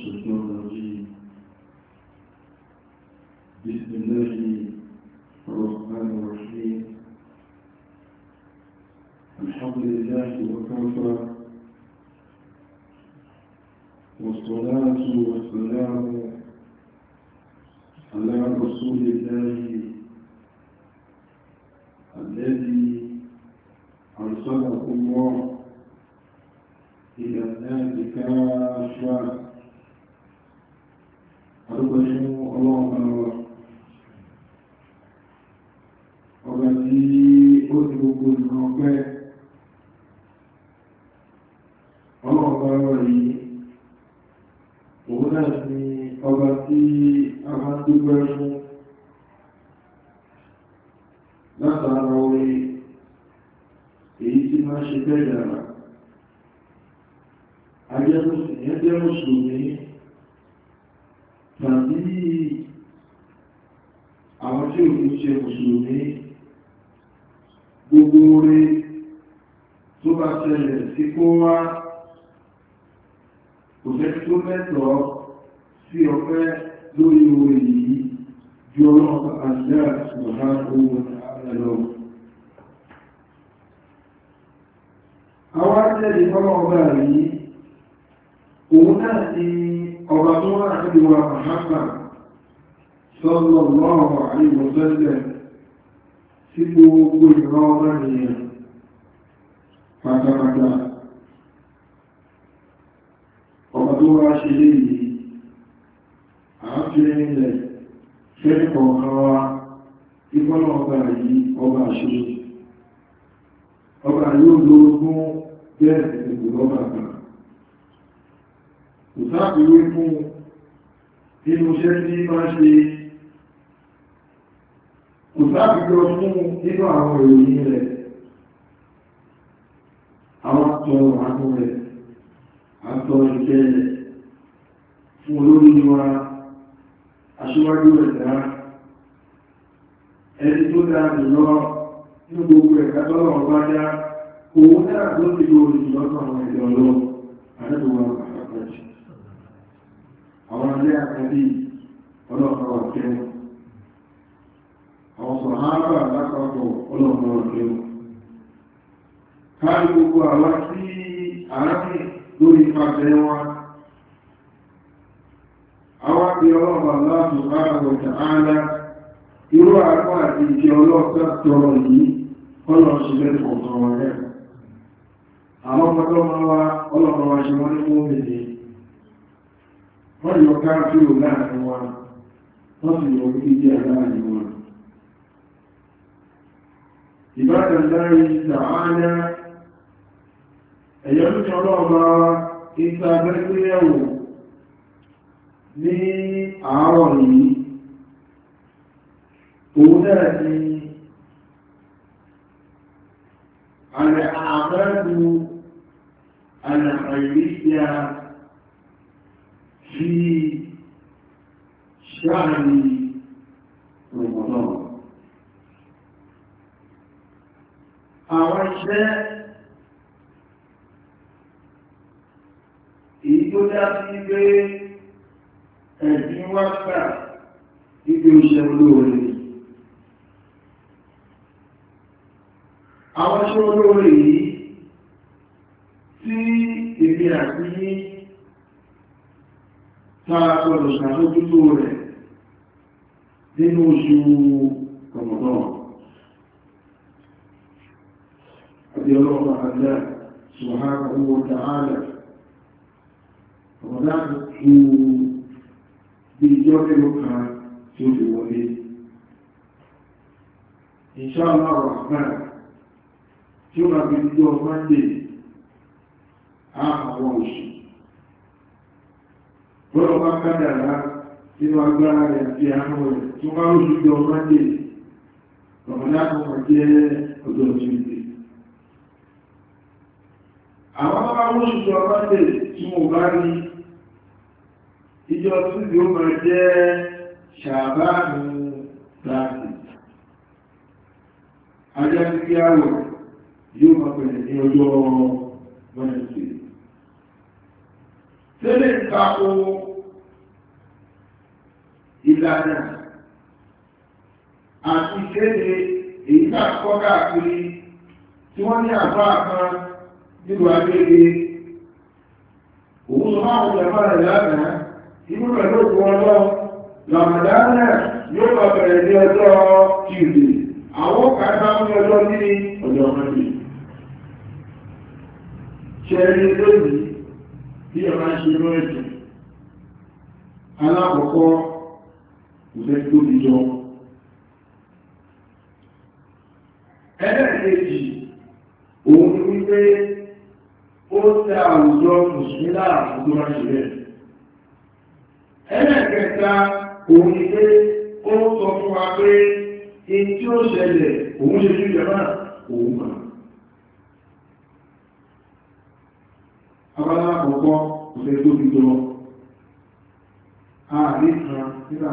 الشيطان الرجيم بسم الله الرحمن الرحيم الحمد لله وكفى والصلاة والسلام على رسول الله ọ̀rọ̀ tí ó ti gbogbo ìrànlọ́pẹ́ oore tó bá ṣẹlẹ̀ sí kó wá kò jẹ́ tó mẹ́tọ̀ọ́ sí ọpẹ́ lórí oore yìí ju ọlọ́pàá àṣẹ àti ọ̀há owó ẹ̀lọ́ àwọn àjẹ́lì fọ́nà ọba yìí òun náà ti ọba tó wà níbi wa Muhammad sallallahu alaihi wa sallam sí gbogbo ìran ọmọ ènìyàn pátápátá ọmọ tó wá ṣe lè yìí àáfíẹ́ ilẹ̀ fẹ́ẹ̀kọ̀ ọ̀kanwá ìgbọ́nà ọba yìí ọba àṣírí ọba yóò lóògùn bẹ́ẹ̀ ìgbòlọ́bà kan kò sáàpìwé fún nínú iṣẹ́ tí máa ṣe kò sáàbìjọ fún nínú àwọn ìròyìn rẹ̀ àwọn àtọ̀ àtọ̀ rẹ̀ àtọ̀ ìjẹ́ rẹ̀ fún olórin wa aṣíwájú rẹ̀ dá ẹni tó dá jùlọ ní gbogbo ẹ̀ka tọ́lọ̀ ọba dá owó náà tó ti lo ìjọsọ̀ àwọn ìjọ lọ àdẹ́bùwà àpapọ̀ àwọn ilé àkàbí ọlọ́pàá ọ̀kẹ́wọ̀n sàhábà lápapọ̀ ọlọ́run ọ̀rẹ́ wọn káàrí gbogbo àwọn tí àárín lórí pàtẹ́ wọn àwọn àti ọlọ́pàá láti ààrùn tààlá irú àpá àti ìjẹ ọlọ́pàá tọrọ yìí ọlọ́ wọ́n yọ káàkiri láàrin wọn wọ́n sì yọ wọn كتاب الله تعالى أيام كرامة إذا اليوم لعربي أولادي على أعمال الخيرية في شهر رمضان àwọn iṣẹ́ èyí tó dá sí pé ẹ̀sìn wá gbà níbi oṣẹ́ olóore àwọn iṣẹ́ olóore yìí tí èdè àti yí tààkọ̀lọ̀ ṣàtójútó rẹ̀ nínú oṣù ọlọ́run àjá ṣùgbọ́n owó tààlà ọ̀dá kú bí ìjọ́ mélòó kan tí ó fi wọlé ìṣáàlá ọ̀rọ̀ tí ó rà bí ìjọ mọ́ndé àwọn oṣù lọ́rọ̀ bá kádàrá nínú agbára rẹ̀ àti àwọn rẹ̀ tí wọ́n rújú jọ mọ́ndé ọ̀rọ̀ láàrín ọjọ́ ọjọ́ ìjọ àwọn bá wọ́n ṣùgbọ́ ọlọ́dẹ̀ tí mo bá rí ìjọ tí yóò máa jẹ́ ṣàbáàmù láti ajá ní kí àwọ̀ yóò máa pẹ̀lẹ̀ ní ọjọ́ wẹ́nẹ̀sì tẹ́lẹ̀ ìtako ìlànà àti kéde èyí tàkọ́ káàkiri tí wọ́n ní àbá kan nínú agbègbè òun máa ń jẹmọ́ rẹ̀ inú pẹ̀lú òkú ọlọ́ lọ́mọdánà yóò bá bẹ̀rẹ̀ ní ọjọ́ kìrì àwọn kàtà ní ọjọ́ ní ọjọ́ mẹ́rin ṣẹ́rí bí ọmọ ṣe ẹ̀jẹ̀ alákọ̀ọ́kọ́ kò fẹ́ tóbi jọ ẹlẹ́ẹ̀kejì òun wípé tẹ àwùjọ mùsùlùmí láàrín tó máa ṣe rẹ̀. ẹlẹ́ẹ̀kẹta òun ni pé ó sọ fún wa pé in tí ó ṣẹlẹ̀ òun ṣe òun abala àkọ́kọ́ kò fẹ́ kan nígbà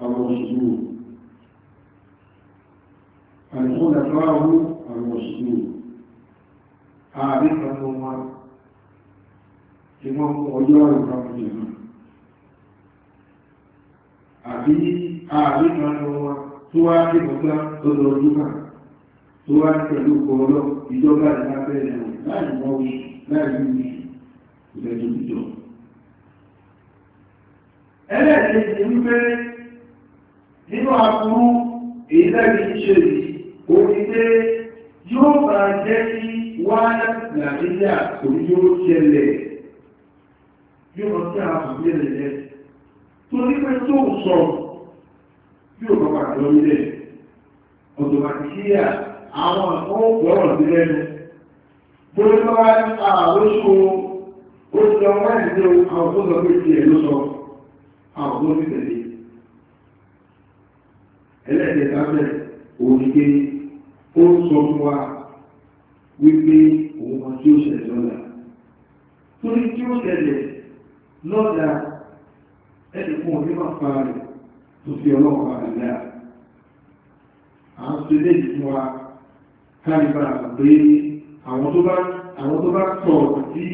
wọn lórí الخلفاء المسلمين ààrin kanú wọn tí wọ́n mú ọjọ́ ìrọ̀rùn ìlú àbí ààrin kanú wọn tó wá ní ọjọ́ lọ́dọọdúnmà tó wá ní pẹ̀lú kọ̀ọ̀lọ́ ìjọba ìlàpẹ́ ẹ̀rùn láì mọ́ orí láì ní ìlẹ́jọ́ ìjọ ẹlẹ́ẹ̀kejì wípé nínú àkúrú èyí lẹ́gbẹ̀ẹ́ ṣe onígbé yóò bá jẹ́ kí wáyà nàìjíríà kò ní yóò ṣẹlẹ̀ yóò lọ sí àwọn àbúlé rẹ̀ tó ní pé tó sọ yóò bá wà lọ ilẹ̀ ọ̀dọ̀ nàìjíríà àwọn ọ̀pọ̀lọpọ̀ sí lẹ́nu bóyá bá wá ní àlóṣù ó ti lọ wá ìdílé àwọn tó lọ pé tiẹ̀ ló sọ àwọn tó ti tẹ̀lé ẹlẹ́dẹ̀ẹ́ta bẹ̀rẹ̀ òun ó sọ fún wa wípé òun kan tí ó ṣẹlẹ̀ lọ́la torí tí ó ṣẹlẹ̀ lọ́la ẹni fún òní máa fa rẹ̀ tó fi ọlọ́pàá rẹ̀ dáa à ń ṣe léyìí fún wa kárí bá a pé àwọn tó bá tọ̀ sí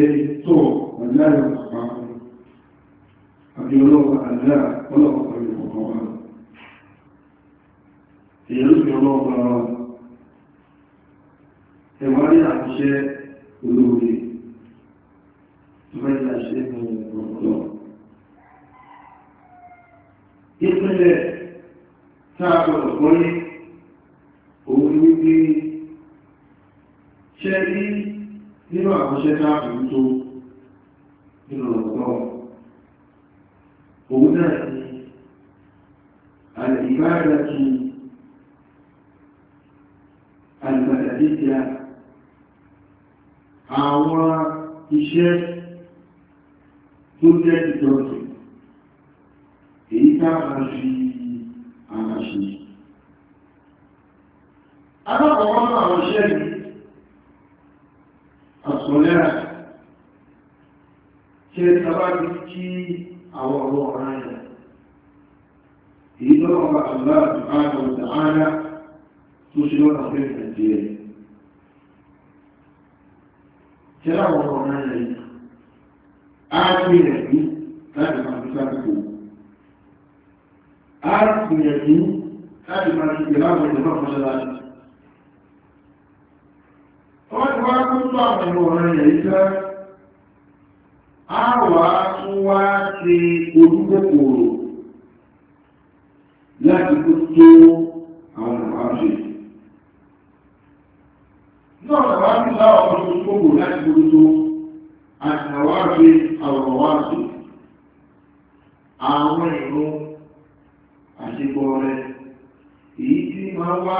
ẹni tọ̀ ọ̀láyọ̀ àpapọ̀ àbí ọlọ́pàá àdúrà ọlọ́pàá. èyàn fi ọlọ́ọ̀bá ẹ̀wárí àṣẹ olóore ìwádìí àṣẹ ní ọ̀pọ̀lọ́. ìpínlẹ̀ táà gbọ́dọ̀ gbọ́lé òun ní wípé ṣẹ́ rí nínú àkọsẹ́ táà alìmọ̀tàdíkìá àwọn iṣẹ́ tó jẹ́ ìjọsìn èyí káàkiri fi ara ṣe alákọ̀ọ́kọ́ àwọn iṣẹ́ yìí àsọ̀lẹ́ra ṣe tàbí kí àwọn ọ̀rọ̀ ọ̀rọ̀ ayẹ̀ èyí lọ́wọ́ àlọ́ àti ààrẹ tó ṣe lọ́nà pé ìrìnàjò rẹ̀ ṣe láwọn ọmọ náà rẹ̀ á gbìyànjú láti máa fi sáàkó á gbìyànjú láti máa fi pè láwọn ìjọba mọ́ṣáláṣí ọmọ ìwà kó tó àwọn ọmọ rẹ̀ yìí sá á wà tún wá ṣe olúkòkòrò láti kó tó àwọn àbáṣe náà wá sí láwọn ọmọ tó gbogbo láti gbogbo àtàwárí àwọ̀wáṣí àwọn ìrún àṣepọ̀ rẹ̀ èyí tí máa wá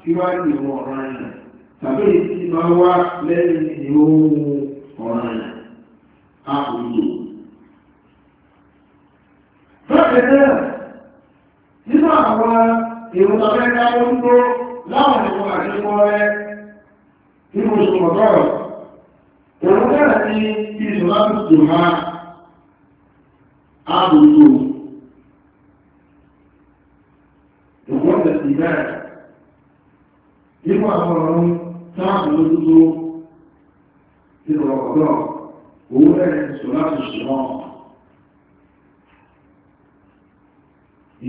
síwájú ìwọ̀n ọ̀ràn ẹ̀yà tàbí èyí tí máa wá lẹ́yìn ìhóhùn ọ̀ràn ẹ̀yà àkùnjò. Bẹ́ẹ̀ náà, nínú àwọn èrò tàbí ẹ̀ka ó ń gbó láwọn ìwọ̀n àṣepọ̀ rẹ̀ nínú oṣù mọ̀tọ́rọ̀ òun náà ní ìṣù láti tò ha ààbòtò ìwọ́nà sí náà nínú àwọn ọ̀run táàbù lójútó nínú ọ̀dọ́ òun náà ní ìṣù láti ṣe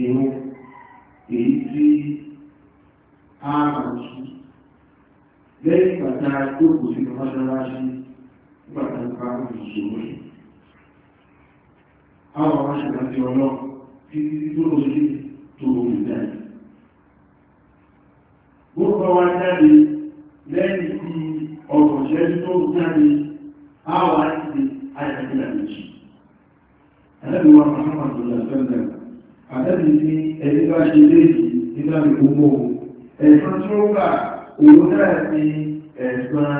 ìhun èyí tí ààbòtò lẹ́yìn ìgbàta ìgbòkò sí mọ́ṣáláṣí nígbàtà nípa ìṣòro àwọn aṣàkà ti ọlọ́ tí tó lọ sí tó omi jáde gbogbo wa jáde lẹ́yìn tí ọkọ̀ ṣẹ́lú tó jáde àwọn àti àyàkìlà méjì àlẹ́bíwá mahamadu lásẹ́lẹ̀ àlẹ́bí ní ẹni bá ṣe léèkì nígbàmí gbogbo ẹ̀sán tí ó gbà òun náà ni ẹ̀gbọ́n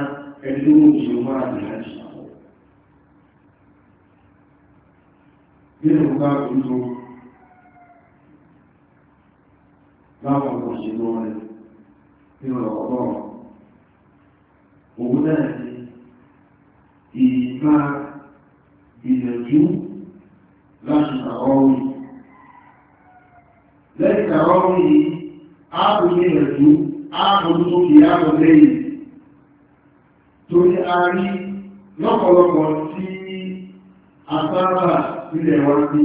ẹ̀dínlógójì ọmọ àdìyàjì nínú bá gbogbo láwọn ọmọ òṣèlú rẹ̀ nínú ọ̀pọ̀ òun náà ni láti àwọ́wì lẹ́yìn àwọ́wì yìí á kò ní áàbòdó ìyàwó lẹ́yìn torí a rí lọ́pọ̀lọpọ̀ tí àtàrà ilẹ̀ wa bí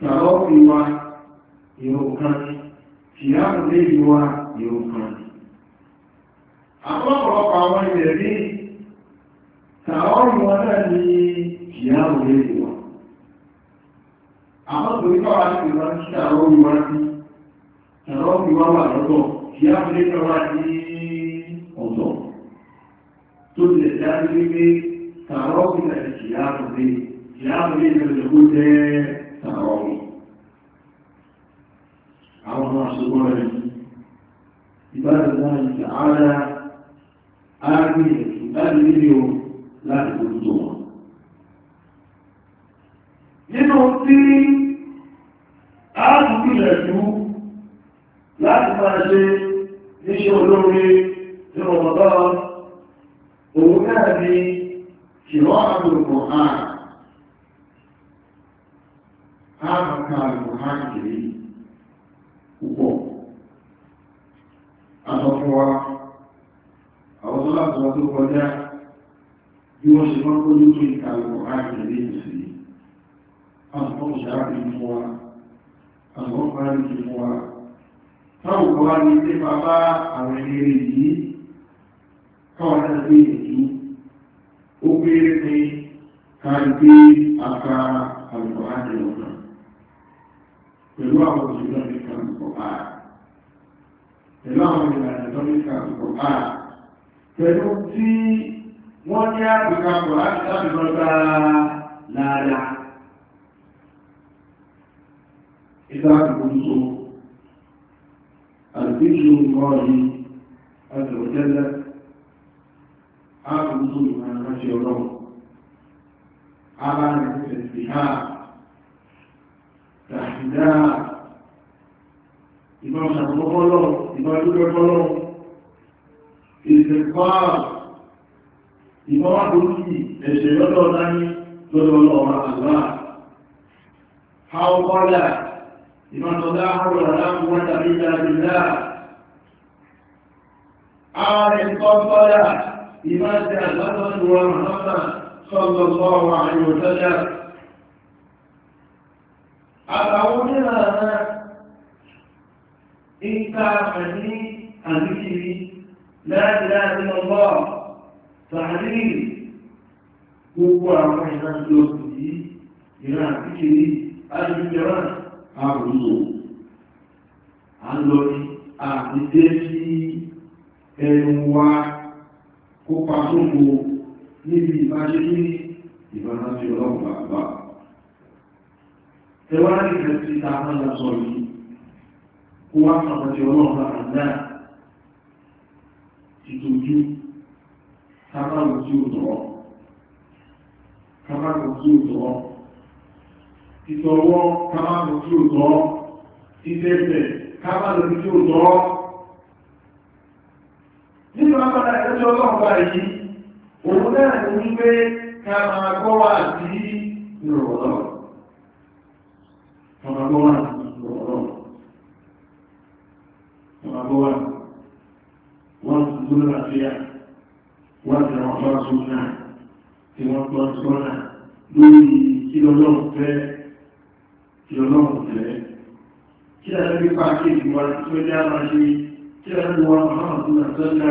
tàbí wa ìrọ̀kan ìyàwó lẹ́yìn wa ìrọ̀kan àpọ̀lọpọ̀ àwọn ilẹ̀ rí tàbí wọn náà ní ìyàwó lẹ́yìn wa àwọn tòríkọ́ àti ìrántí àwọn olùwárí ẹ̀rọ fi wá wà lọ́tọ̀ kí á fi lè wá ní ọ̀tọ̀ tó ti ẹ̀dá ní wípé tààrọ́ fi tàbí kì á fi lè kì á fi lè lọ́tọ̀ kó jẹ́ tààrọ́ nínú tí a tún kílẹ̀ fún láti máa ṣe níṣẹ́ olóore tí wọ́n bá òun náà ni ṣìlọ́ àlùkò hàn áàkà àlùkò hàn kìí púpọ̀ àtọ́fọ́wá àwọn tó láti wọ́n tó kọjá bí wọ́n ṣe mọ́ kó lókè ìka àlùkò hàn kìí sí àwọn tó ṣe á táwọn kan wá ní pé bàbá àwọn eléré yìí káwọn náà gbé èyí ó béèrè pé ká gbé aka àlùkò àdìrò kan pẹ̀lú àwọn òṣèlú àmìkà àlùkò á pẹ̀lú àwọn ìlànà àmìkà àlùkò á pẹ̀lú tí wọ́n ní àgbèkà àlùkò á ti láti lọ gbára láàlá ìgbà àdìgbò نبي الله عز وجل أعبد ما نشاء الله على نفس الاتحاد تحديدا إذا شاء الله إذا شاء الله إذا شاء الله إذا شاء الله إذا شاء الله إذا شاء الله إذا شاء الله إذا شاء الله إذا شاء الله إذا شاء الله إذا شاء الله إذا شاء الله إذا شاء الله إذا شاء الله ide ahe ad na arihi ụhụa aụ anụi atee ẹnu wa kópa sóko níbi ìbáṣe ní ìbáṣe ọlọ́pàá àgbà. Ẹwà ìfẹ́ sí ta mọ́lá sọ yìí, kó wá sọ̀rọ̀ ti ọlọ́pàá àgbà ti tójú, kábàrò tí ó tọ́, kábàrò tí ó tọ́, ìtọ̀wọ́ kábàrò tí ó tọ́, ìtẹ́ẹ̀tẹ̀ kábàrò tí ó tọ́, lápára ìrújọ ọlọ́ọ̀bá yìí òun náà ní wípé ká máa gbọ́ wà sí ìrọ̀lọ́ wọ́n ti gbọ́nà àfíà wọ́n ti ràn wọ́n tún náà tí wọ́n tọ́ sọ́nà lórí kí ọlọ́run fẹ́ kí ọlọ́run fẹ́ kí ẹ̀rẹ́ pípa kéèkì wọn tó jẹ́ àmàṣe kí ẹ̀rẹ́ wọn àwọn àtúnà sọ́nà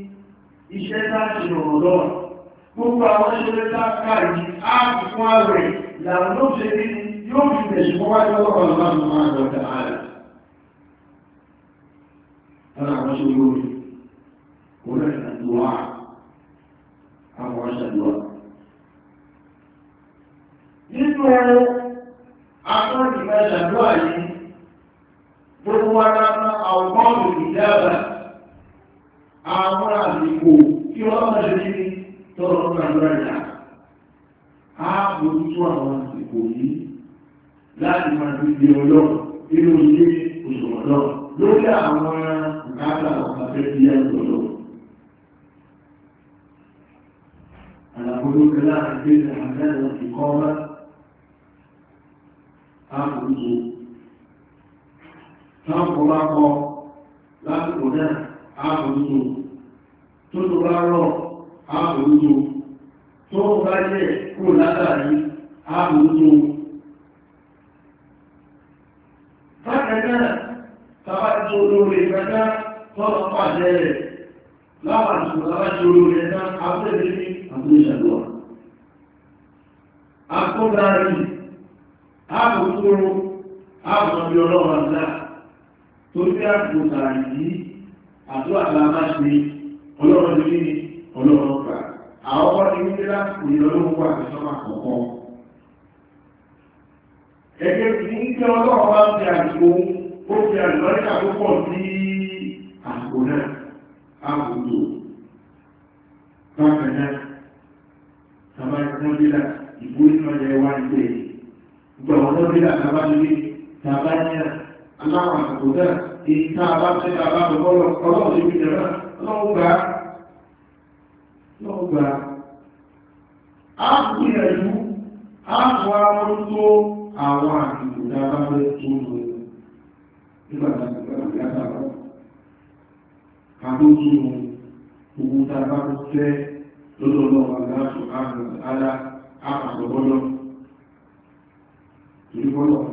iṣẹ́ láti rọ̀rọ̀ lọ́wọ́ gbogbo àwọn ṣẹlẹ̀ láàkà yìí áàpù fún ààrẹ làwọn ló ṣe rí yóò fi bẹ̀ṣù fún wáyé lọ́wọ́ lọ́wọ́ máa lọ sí ààrẹ lára àwọn ṣe lórí kò rẹ̀ ṣàdúrà àwọn ṣàdúrà nínú akọ́nìmọ̀ ṣàdúrà yìí gbogbo wa lára àwọn ọmọ òmìnira àwọn àsìkò kí wọ́n máa ṣe ní tọ́rọ pẹ̀lú ẹ̀yà ààbòtútù àwọn àsìkò yìí láti máa fi di ọlọ́ nínú ilé òṣòwòlọ́ lórí àwọn ìkáàtà àfẹ́ bí ẹ̀sọ̀lọ́ àlàbòrò kẹlá àgbé àgbẹ̀rẹ̀ ìkọ́ wá ààbòtútù táwọn kọ́ bá kọ́ lásìkò náà àbòrúdò tó tó bá rọ̀ àbòrúdò tó bá yẹ̀ kó látàrí àbòrúdò bákanáà tàbátí olóore ìgbàdá tọ́lọ pàdé rẹ̀ láwọn àtùkù tàbátí olóore ẹ̀dá abúlé ní àbúlé tó bí àdúrà la máa ṣe ọlọ́run ní ní ọlọ́run gbà àwọn ọmọ ní wípé láti ní ọlọ́run wà ní sọ́mà kọ̀ọ̀kan gẹ́gẹ́ bí ń kí ọlọ́run bá ń fi àdìgbò ó fi àdìgbòríkà tó pọ̀ sí àdìgbò tàbá ní pé aláwọ̀ àkùdá èyí tá a bá fẹ́ ta bá bọ́ lọ ọlọ́run ti fi jẹ̀rọ lọ́wọ́ gbà á lọ́wọ́ gbà á gbìyànjú á wà lóko àwọn àkùdá bá fẹ́ tó lọ nígbà tá a bá fẹ́ ta bá àbójú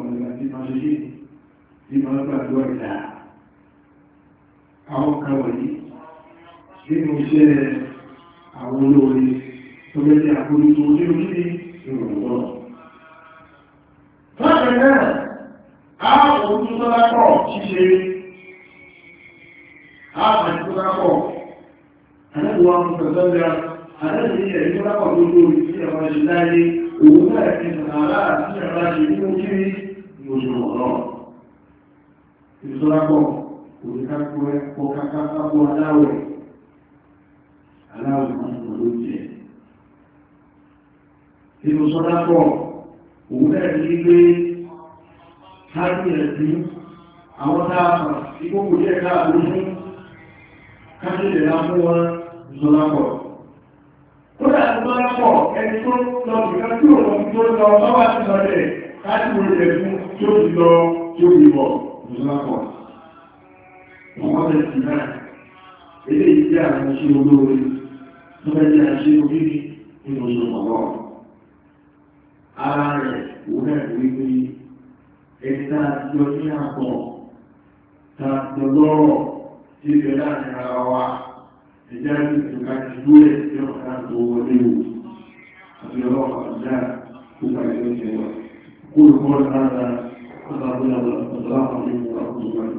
máa ṣe yìí nínú ọgbàgbọ́ ìdá àwọn kàwàlì nínú iṣẹ́ àwọn olóore tó lẹ́lẹ́ àkóríkò ní orílẹ̀ ìrọ̀lọ́ láti náà àwọn olùsọ́lápọ̀ ṣíṣe àwọn olùsọ́lápọ̀ àlẹ́wọ̀ àwọn olùsọ́lá àlẹ́wọ̀ ẹ̀rí tó lápọ̀ lójú orí sí ẹ̀wọ̀n ṣe láyé òun náà ẹ̀kẹ́ sàárà sí ẹ̀rọ ìsọ́lápọ̀ kò kákápọ̀ aláwẹ̀ aláwẹ̀ kan tó ló jẹ́ nínú sọ́lápọ̀ òun bẹ́ẹ̀ ní pé káàkiri ẹ̀sìn àwọn dáàbà ìkókò jẹ́ káàkiri fún káàkiri láfún wọn ìsọ́lápọ̀ kódà ìsọ́lápọ̀ ẹni tó lọ bìkan tí òun tó lọ bá wà sí lọ́dẹ̀ káàkiri rẹ̀ fún tí ó ti lọ tí ó ti bọ̀ ìlọ́pọ̀ wọ́n lè ti náà ilé ìjẹ́ àwọn ṣe olóore tó bẹ́ jẹ́ ṣe oríri nínú oṣù ọ̀pọ̀ ara rẹ̀ òun ẹ̀ wípé ẹ̀ta jọ ní àpọ̀ tàbí lọ́rọ̀ tí ìgbẹ̀ láàrin ara wa ẹjá ìtùkà ti gbúrẹ̀ tí ọ̀pọ̀ tó wọlé wò àti ọlọ́pàá dáa kó bàjẹ́ أما هنا والسلام عليكم ورحمة الله